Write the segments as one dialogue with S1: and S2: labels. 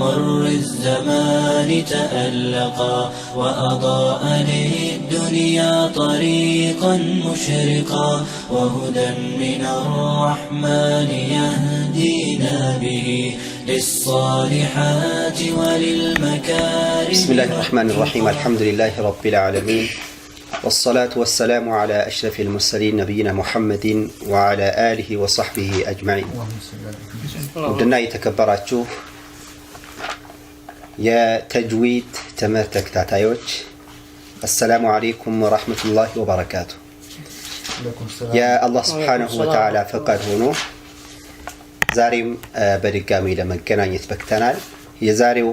S1: مر الزمان تألقا وأضاء للدنيا طريقا مشرقا وهدى من الرحمن يهدينا به للصالحات وللمكارم
S2: بسم الله الرحمن الرحيم الحمد لله رب العالمين والصلاة والسلام على أشرف المرسلين نبينا محمد وعلى آله وصحبه أجمعين ودنا يتكبراتشوف የተጅዊድ ትምህርት ተከታታዮች አሰላሙ አለይኩም ወራህመቱላሂ ወበረካቱ። የአላህ ስብሓነሁ ወተዓላ ፈቃድ ሆኖ ዛሬም በድጋሚ ለመገናኘት በክተናል። የዛሬው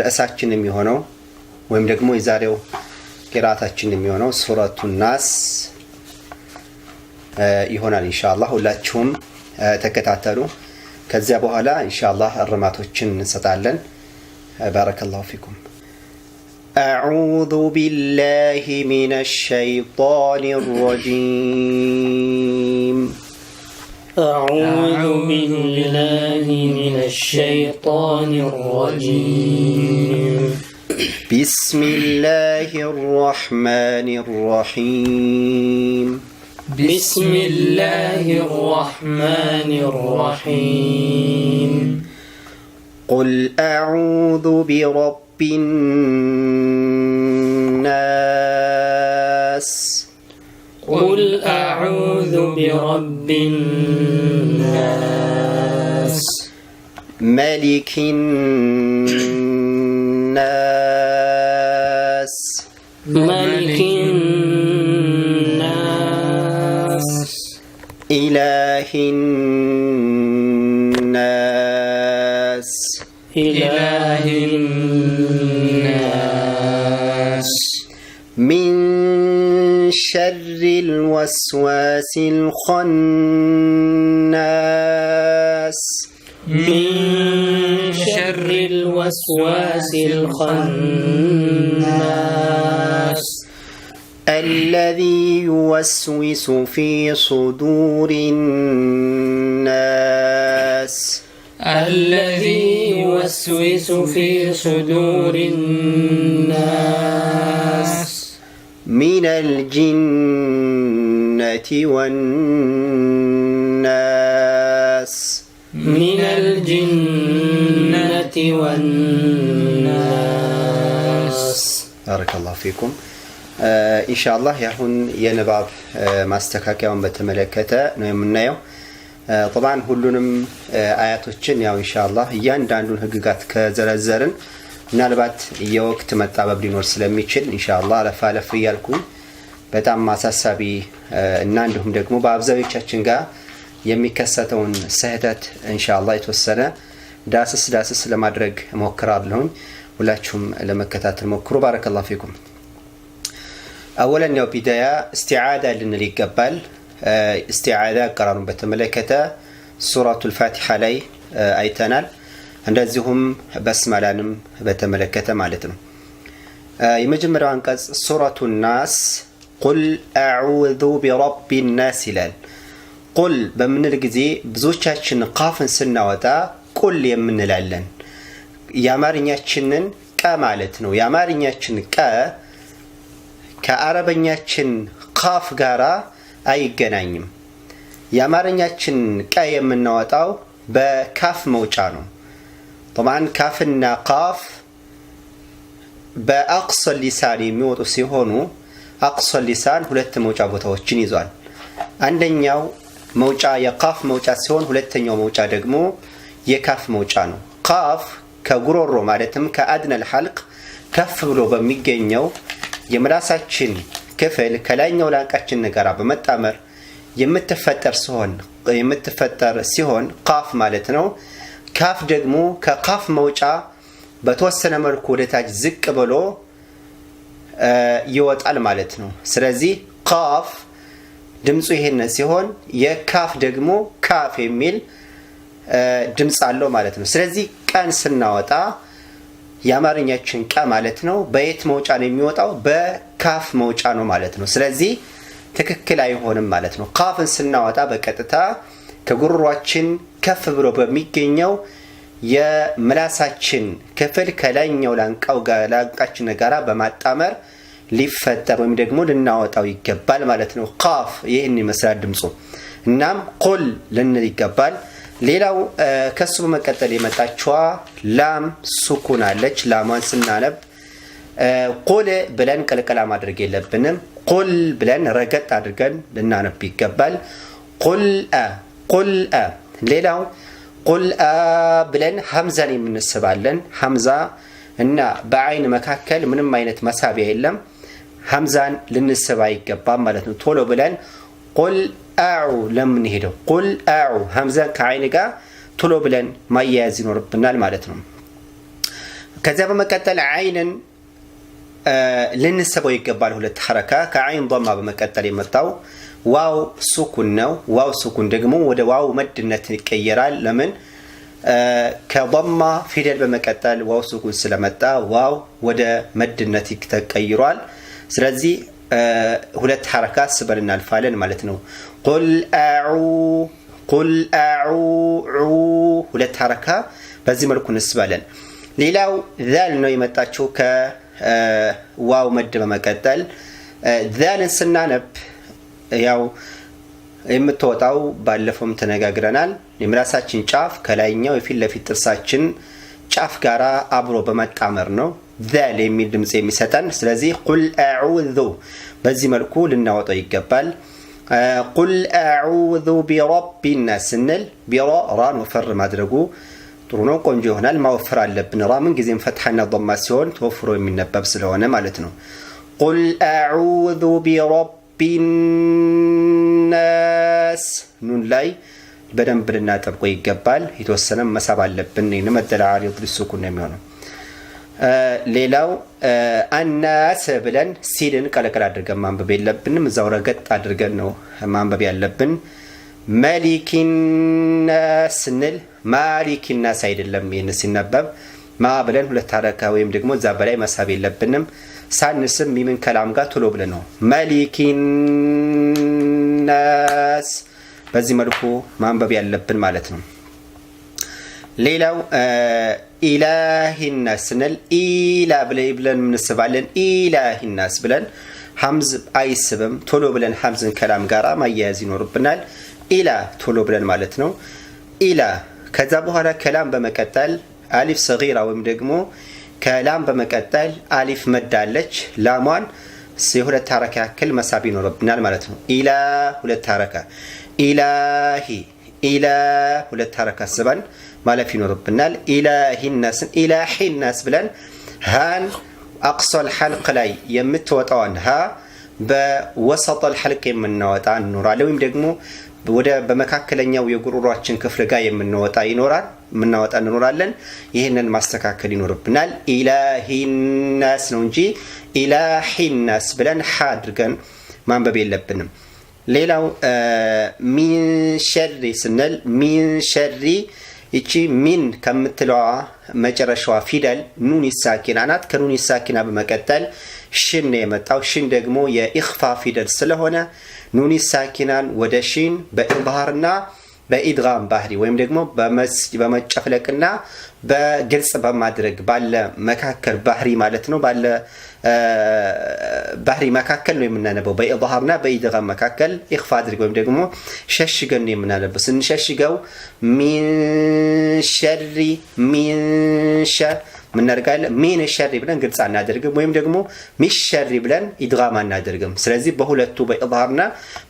S2: ርዕሳችን የሚሆነው ወይም ደግሞ የዛሬው ቂራታችን የሚሆነው ሱረቱ ናስ ይሆናል ኢንሻአላህ። ሁላችሁም ተከታተሉ። ከዚያ በኋላ ኢንሻአላህ እርማቶችን እንሰጣለን። بارك الله فيكم أعوذ بالله من الشيطان الرجيم
S3: أعوذ بالله من الشيطان الرجيم
S2: بسم الله الرحمن الرحيم
S3: بسم الله الرحمن الرحيم
S2: قل أعوذ برب الناس
S3: قل أعوذ برب الناس
S2: ملك الناس شر الوسواس الخناس
S3: من شر الوسواس الخناس
S2: الذي يوسوس في صدور الناس
S3: الذي يوسوس في صدور الناس
S2: من الجنة والناس من الجنة والناس ባረከ ላሁ ፊኩም። ኢንሻአላህ የአሁን የንባብ ማስተካከያውን በተመለከተ ነው የምናየው። ጠባን ሁሉንም አያቶችን ያው ኢንሻአላህ እያንዳንዱን ህግጋት ከዘረዘርን ምናልባት የወቅት መጣበብ ሊኖር ስለሚችል እንሻላ አለፍ አለፍ እያልኩ በጣም አሳሳቢ እና እንዲሁም ደግሞ በአብዛኞቻችን ጋር የሚከሰተውን ስህተት እንሻላ የተወሰነ ዳስስ ዳስስ ለማድረግ ሞክራለሁኝ። ሁላችሁም ለመከታተል ሞክሩ። ባረከላ ፊኩም። አወለኛው ቢዳያ እስቲዓዳ ልንል ይገባል። እስቲዓዳ አቀራሩን በተመለከተ ሱራቱ ልፋቲሓ ላይ አይተናል። እንደዚሁም በስመላንም በተመለከተ ማለት ነው። የመጀመሪያው አንቀጽ ሱረቱ ናስ ቁል አዑዙ ቢረቢ ናስ ይላል። ቁል በምንል ጊዜ ብዙዎቻችን ካፍን ስናወጣ ቁል የምንላለን። የአማርኛችንን ቀ ማለት ነው። የአማርኛችን ቀ ከአረበኛችን ካፍ ጋር አይገናኝም። የአማርኛችን ቀ የምናወጣው በካፍ መውጫ ነው። طبعا ካፍና ቃፍ በአቅሶ ሊሳን የሚወጡ ሲሆኑ አቅሶ ሊሳን ሁለት መውጫ ቦታዎችን ይዟል። አንደኛው መውጫ የቃፍ መውጫ ሲሆን ሁለተኛው መውጫ ደግሞ የካፍ መውጫ ነው። ቃፍ ከጉሮሮ ማለትም ከአድነል ሐልቅ ከፍ ብሎ በሚገኘው የምላሳችን ክፍል ከላይኛው ላንቃችን ጋር በመጣመር የምትፈጠር ሲሆን የምትፈጠር ሲሆን ቃፍ ማለት ነው። ካፍ ደግሞ ከካፍ መውጫ በተወሰነ መልኩ ወደታች ዝቅ ብሎ ይወጣል ማለት ነው። ስለዚህ ካፍ ድምፁ ይሄንን ሲሆን የካፍ ደግሞ ካፍ የሚል ድምፅ አለው ማለት ነው። ስለዚህ ቀን ስናወጣ የአማርኛችን ቀ ማለት ነው በየት መውጫ ነው የሚወጣው? በካፍ መውጫ ነው ማለት ነው። ስለዚህ ትክክል አይሆንም ማለት ነው። ካፍን ስናወጣ በቀጥታ ከጉሮሯችን ከፍ ብሎ በሚገኘው የምላሳችን ክፍል ከላይኛው ላንቃው ላንቃችን ጋራ በማጣመር ሊፈጠር ወይም ደግሞ ልናወጣው ይገባል ማለት ነው። ካፍ ይህን ይመስላል ድምፁ። እናም ቁል ልንል ይገባል። ሌላው ከሱ በመቀጠል የመጣችዋ ላም ሱኩን አለች። ላሟን ስናነብ ቁል ብለን ቅልቅላ ማድረግ የለብንም። ቁል ብለን ረገጥ አድርገን ልናነብ ይገባል። ቁል ቁል ሌላው ቁል ብለን ሀምዛን የምንስባለን። ሀምዛ እና በአይን መካከል ምንም አይነት መሳቢያ የለም። ሀምዛን ልንስብ አይገባም ማለት ነው። ቶሎ ብለን ቁል አዑ ለምንሄደው ቁል አዑ ሀምዛን ከአይን ጋር ቶሎ ብለን ማያያዝ ይኖርብናል ማለት ነው። ከዚያ በመቀጠል አይንን ልንስበው ይገባል። ሁለት ሐረካ ከአይን ማ በመቀጠል የመጣው ዋው ሱኩን ነው። ዋው ሱኩን ደግሞ ወደ ዋው መድነት ይቀየራል። ለምን ከበማ ፊደል በመቀጠል ዋው ሱኩን ስለመጣ ዋው ወደ መድነት ተቀይሯል። ስለዚህ ሁለት ሐረካ ስበል እናልፋለን ማለት ነው። ቁል አዑ ሁለት ሐረካ በዚህ መልኩ እንስባለን። ሌላው ዛል ነው የመጣችው ከዋው መድ በመቀጠል ዛልን ስናነብ ያው የምትወጣው ባለፈውም ተነጋግረናል። የምላሳችን ጫፍ ከላይኛው የፊት ለፊት ጥርሳችን ጫፍ ጋር አብሮ በመጣመር ነው ዘል የሚል ድምፅ የሚሰጠን። ስለዚህ ቁል አዑዙ በዚህ መልኩ ልናወጣው ይገባል። ቁል አዑዙ ቢረቢናስ ስንል ቢሮ ራን ወፈር ማድረጉ ጥሩ ነው፣ ቆንጆ ይሆናል። ማወፈር አለብን። ራ ምን ጊዜም ፈትሐና ዶማ ሲሆን ተወፍሮ የሚነበብ ስለሆነ ማለት ነው። ቁል አዑዙ ቢረቢ ቢናስ ኑን ላይ በደንብ ልናጠብቆ ይገባል። የተወሰነም መሳብ አለብን። ንመደላ ሪድ ሱኩን ነው የሚሆነው። ሌላው አናስ ብለን ሲልን ቀለቀል አድርገን ማንበብ የለብንም። እዛው ረገጥ አድርገን ነው ማንበብ ያለብን። መሊኪና ስንል ማሊኪናስ አይደለም። ይህን ሲነበብ ማ ብለን ሁለት አረካ ወይም ደግሞ እዛ በላይ መሳብ የለብንም። ሳንስም ሚምን ከላም ጋር ቶሎ ብለን ነው መሊኪናስ በዚህ መልኩ ማንበብ ያለብን ማለት ነው። ሌላው ኢላሂናስ ስንል ኢላ ብለን ምንስባለን ኢላሂናስ ብለን ሀምዝ አይስብም። ቶሎ ብለን ሀምዝን ከላም ጋር ማያያዝ ይኖርብናል። ኢላ ቶሎ ብለን ማለት ነው። ኢላ ከዛ በኋላ ከላም በመቀጠል አሊፍ ሰራ ወይም ደግሞ ከላም በመቀጠል አሊፍ መዳለች ላሟን የሁለት ታረካ ያክል መሳብ ይኖርብናል ማለት ነው። ኢላ ሁለት ታረካ ኢላሂ ኢላ ሁለት ታረካ ስበን ማለፍ ይኖርብናል። ኢላሂናስን ኢላሂናስ ብለን ሃን አቅሶል ሐልቅ ላይ የምትወጣዋን ሃ በወሰጠል ሐልቅ የምናወጣ እንኖራለን። ወይም ደግሞ ወደ በመካከለኛው የጉሮሯችን ክፍል ጋር የምንወጣ ይኖራል። የምናወጣ እንኖራለን። ይህንን ማስተካከል ይኖርብናል። ኢላሂናስ ነው እንጂ ኢላሂናስ ብለን ሀ አድርገን ማንበብ የለብንም። ሌላው ሚን ሸሪ ስንል ሚን ሸሪ ይቺ ሚን ከምትለዋ መጨረሻዋ ፊደል ኑን ሳኪና ናት። ከኑን ሳኪና በመቀጠል ሽን የመጣው ሽን ደግሞ የኢኽፋ ፊደል ስለሆነ ኑን ሳኪናን ወደ ሽን በኢባህርና በኢድራም ባህሪ ወይም ደግሞ በመጨፍለቅና በግልጽ በማድረግ ባለ መካከል ባህሪ ማለት ነው። ባለ ባህሪ መካከል ነው የምናነበው። በኢድሃርና በኢድራም መካከል ኢኽፋ አድርግ ወይም ደግሞ ሸሽገን ነው የምናነበው። ስንሸሽገው ሚንሸሪ ሚንሸ ምናደርጋለን ሚን ሸሪ ብለን ግልጽ አናደርግም፣ ወይም ደግሞ ሚሸሪ ብለን ኢድራም አናደርግም። ስለዚህ በሁለቱ በኢድሃርና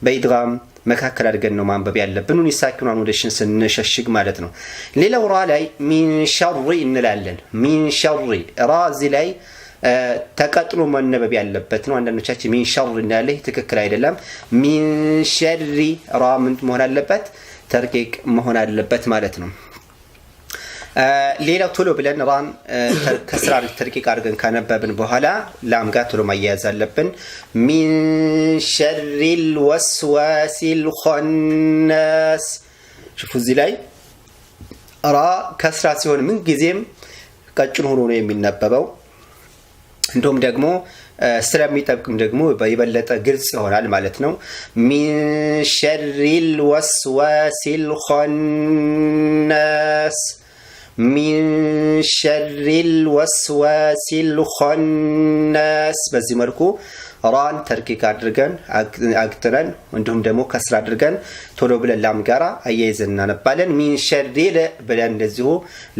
S2: በኢድራም መካከል አድርገን ነው ማንበብ ያለብን ሳኪኗን ወደሽን ስንሸሽግ ማለት ነው። ሌላው ራ ላይ ሚንሸሪ እንላለን። ሚንሸሪ ራ ላይ ተቀጥሎ መነበብ ያለበት ነው። አንዳንዶቻችን ሚንሸሪ እንዳለ ትክክል አይደለም። ሚንሸሪ ራ ምን መሆን አለበት? ተርቂቅ መሆን አለበት ማለት ነው። ሌላው ቶሎ ብለን ራን ከስራ ተርቂቅ አድርገን ከነበብን በኋላ ላም ጋር ቶሎ ማያያዝ አለብን። ሚን ሸሪ ልወስዋሲ ሽፉ እዚህ ላይ ራ ከስራ ሲሆን ምንጊዜም ቀጭን ሆኖ ነው የሚነበበው። እንዲሁም ደግሞ ስለሚጠብቅም ደግሞ የበለጠ ግልጽ ይሆናል ማለት ነው። ሚን ሸሪ ልወስዋሲ ሚን ሸሪል ወስዋሲል ኸናስ። በዚህ መልኩ ራን ተርኪክ አድርገን አግጥረን እንዲሁም ደግሞ ከስር አድርገን ቶሎ ብለን ላም ጋራ አያይዘን እናነባለን። ሚን ሸሪል ብለን እንደዚሁ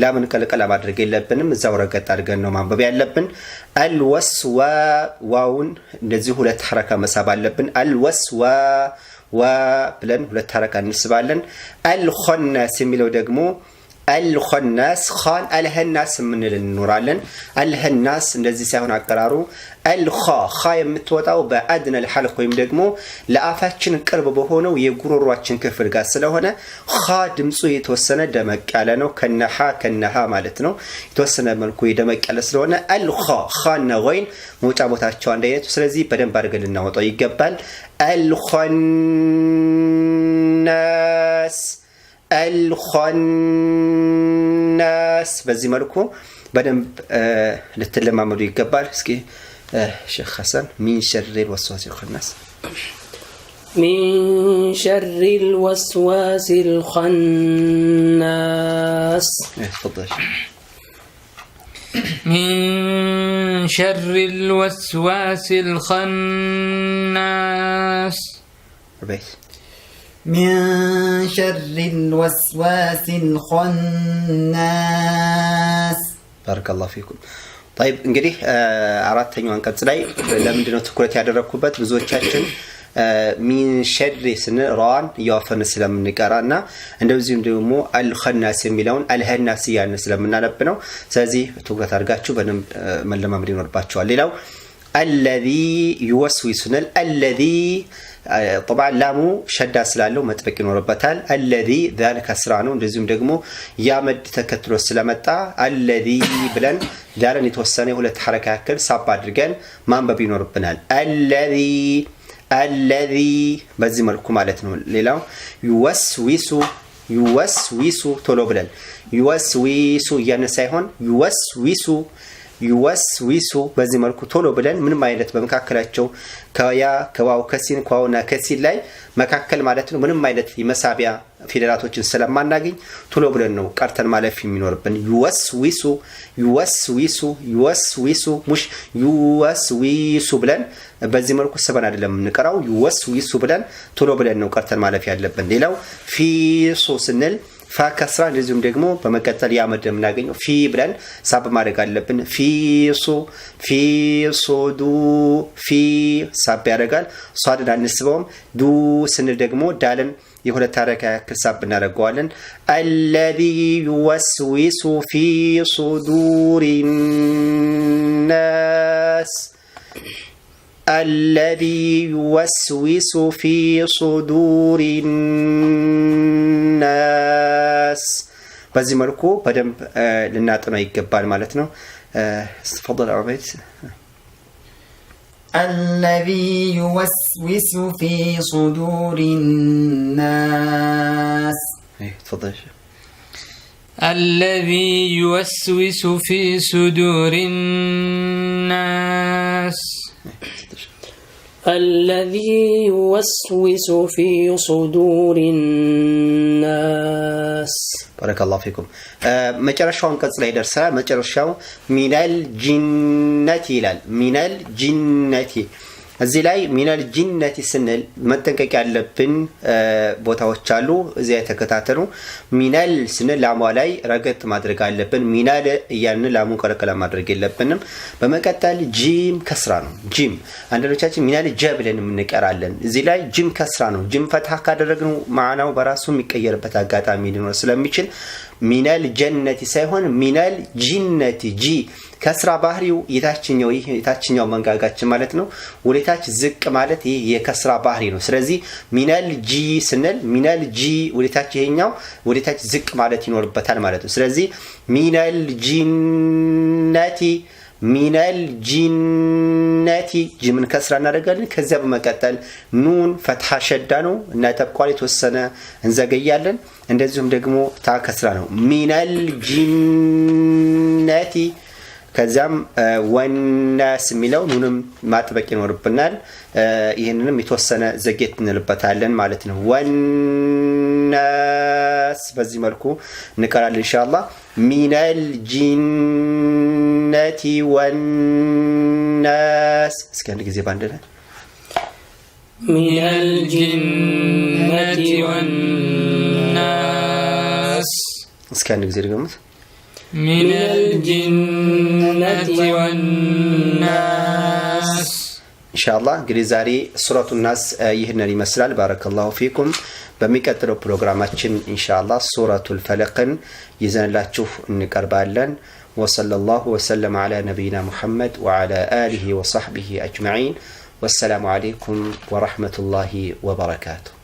S2: ላምን ቀልቀላ ማድረግ የለብንም። እዛው ረገጥ አድርገን ነው ማንበብ ያለብን። አልወስዋ ዋውን እንደዚሁ ሁለት ሐረካ መሳብ አለብን። አልወስዋ ዋ ብለን ሁለት ሐረካ እንስባለን። አልኸናስ የሚለው ደግሞ አልኸናስ ኻን አልኸናስ የምንል እንኖራለን። አልኸናስ እንደዚህ ሳይሆን አቀራሩ አልኻ ኻ የምትወጣው በአድነ ልሐልቅ ወይም ደግሞ ለአፋችን ቅርብ በሆነው የጉሮሯችን ክፍል ጋር ስለሆነ ኻ ድምፁ የተወሰነ ደመቅ ያለ ነው። ከነሓ ከነሃ ማለት ነው። የተወሰነ መልኩ የደመቅ ያለ ስለሆነ አልኻ ኻና ወይን መውጫ ቦታቸው አንድ አይነቱ። ስለዚህ በደንብ አድርገን ልናወጣው ይገባል። አልኸናስ الخناس بزي مالكو بدم لتلما مدو يقبال اسكي شيخ حسن من شر الوسواس الخناس
S3: من شر الوسواس الخناس تفضل من شر الوسواس الخناس من شر الوسواس الخناس
S2: بارك الله فيكم طيب እንግዲህ አራተኛዋን አንቀጽ ላይ ለምንድነው ትኩረት ያደረግኩበት? ብዙዎቻችን ሚን ሸሪ ስንል ረዋን እያወፈን ስለምንቀራ እና እንደዚሁም ደግሞ አልኸናስ የሚለውን አልኸናስ እያን ስለምናነብ ነው። ስለዚህ ትኩረት አድርጋችሁ በደንብ መለማመድ ይኖርባቸዋል። ሌላው አለዚ ዩወስዊስ አለዚ ጠብዓ ላሙ ሸዳ ስላለው መጥበቅ ይኖርበታል። አለዚ ዛሊከ ስራ ነው። እንደዚሁም ደግሞ ያመድ ተከትሎ ስለመጣ አለዚ ብለን ዛለን የተወሰነ የሁለት ሐረካ ያክል ሳብ አድርገን ማንበብ ይኖርብናል። አለዚ አለዚ በዚህ መልኩ ማለት ነው። ሌላው ዩወስዊሱ ዩወስዊሱ ቶሎ ብለን ዩወስዊሱ እያነ ሳይሆን ዊሱ በዚህ መልኩ ቶሎ ብለን ምንም አይነት በመካከላቸው ከያ ከዋው ከሲን ከዋውና ከሲን ላይ መካከል ማለት ነው ምንም አይነት የመሳቢያ ፊደላቶችን ስለማናገኝ ቶሎ ብለን ነው ቀርተን ማለፍ የሚኖርብን። ዊሱ ዩወስዊሱ ዊሱ ሙሽ ዊሱ ብለን በዚህ መልኩ ስበን አይደለም የምንቀራው። ዊሱ ብለን ቶሎ ብለን ነው ቀርተን ማለፍ ያለብን። ሌላው ፊሱ ስንል ፋ ከስራ እንደዚሁም ደግሞ በመቀጠል ያመድ የምናገኘው ፊ ብለን ሳብ ማድረግ አለብን። ፊ ሱ ፊ ሶ ዱ ፊ ሳብ ያደርጋል። ሷድን አንስበውም። ዱ ስንል ደግሞ ዳልን የሁለት አረካ ያክል ሳብ እናደርገዋለን። አለዚ ዩወስዊሱ ፊ ሱዱሪ ናስ الذي يوسوس في صدور الناس بزي መልኩ بدم ልናጥነው يقبال مالتنا تفضل ተፈضل عبيد
S3: الذي يوسوس في صدور الناس تفضل الذي يوسوس في صدور الناس الذي يوسوس في صدور الناس
S2: بارك الله فيكم آه، ما ترى شو عم كتصلي درسا ما ترى شو من الجنة إلى من الجنة እዚህ ላይ ሚነል ጂነቲ ስንል መጠንቀቅ ያለብን ቦታዎች አሉ። እዚያ የተከታተሉ ሚነል ስንል ላሟ ላይ ረገጥ ማድረግ አለብን። ሚናል እያልን ላሙን ቀለቀላ ማድረግ የለብንም። በመቀጠል ጂም ከስራ ነው። ጂም አንዳንዶቻችን ሚናል ጀ ብለን የምንቀራለን። እዚህ ላይ ጂም ከስራ ነው። ጂም ፈትሃ ካደረግነው ማዕናው በራሱ የሚቀየርበት አጋጣሚ ሊኖር ስለሚችል ሚነል ጀነቲ ሳይሆን ሚነል ጂነቲ ጂ ከስራ ባህሪው የታችኛው ይህ የታችኛው መንጋጋችን ማለት ነው። ወደታች ዝቅ ማለት ይህ የከስራ ባህሪ ነው። ስለዚህ ሚነል ጂ ስንል ሚነል ጂ ወደታች ይሄኛው ወደታች ዝቅ ማለት ይኖርበታል ማለት ነው። ስለዚህ ሚነል ጂነቲ ሚነል ጂነቲ ጅምን ከስራ እናደርጋለን። ከዚያ በመቀጠል ኑን ፈትሐ ሸዳ ነው እናጠብቋል። የተወሰነ እንዘገያለን። እንደዚሁም ደግሞ ታ ከስራ ነው። ሚነል ጂነቲ ከዚያም ወናስ የሚለው ኑንም ማጥበቅ ይኖርብናል። ይህንንም የተወሰነ ዘጌት እንልበታለን ማለት ነው። ወናስ በዚህ መልኩ እንቀራለን። እንሻላ ሚነል ጂን ጂንነቲ ወናስ እስኪ አንድ ጊዜ ባንድ ላይ
S3: ሚነል ጂንነቲ ወናስ እስኪ አንድ ጊዜ ድገሙት ሚነል ጂንነቲ ወናስ
S2: ኢንሻአላህ እንግዲህ ዛሬ ሱረቱ ናስ ይህንን ይመስላል። ባረከላሁ ፊኩም። በሚቀጥለው ፕሮግራማችን እንሻላ ሱረቱ ልፈለቅን ይዘንላችሁ እንቀርባለን። وصلى الله وسلم على نبينا محمد وعلى آله وصحبه أجمعين والسلام عليكم ورحمة الله وبركاته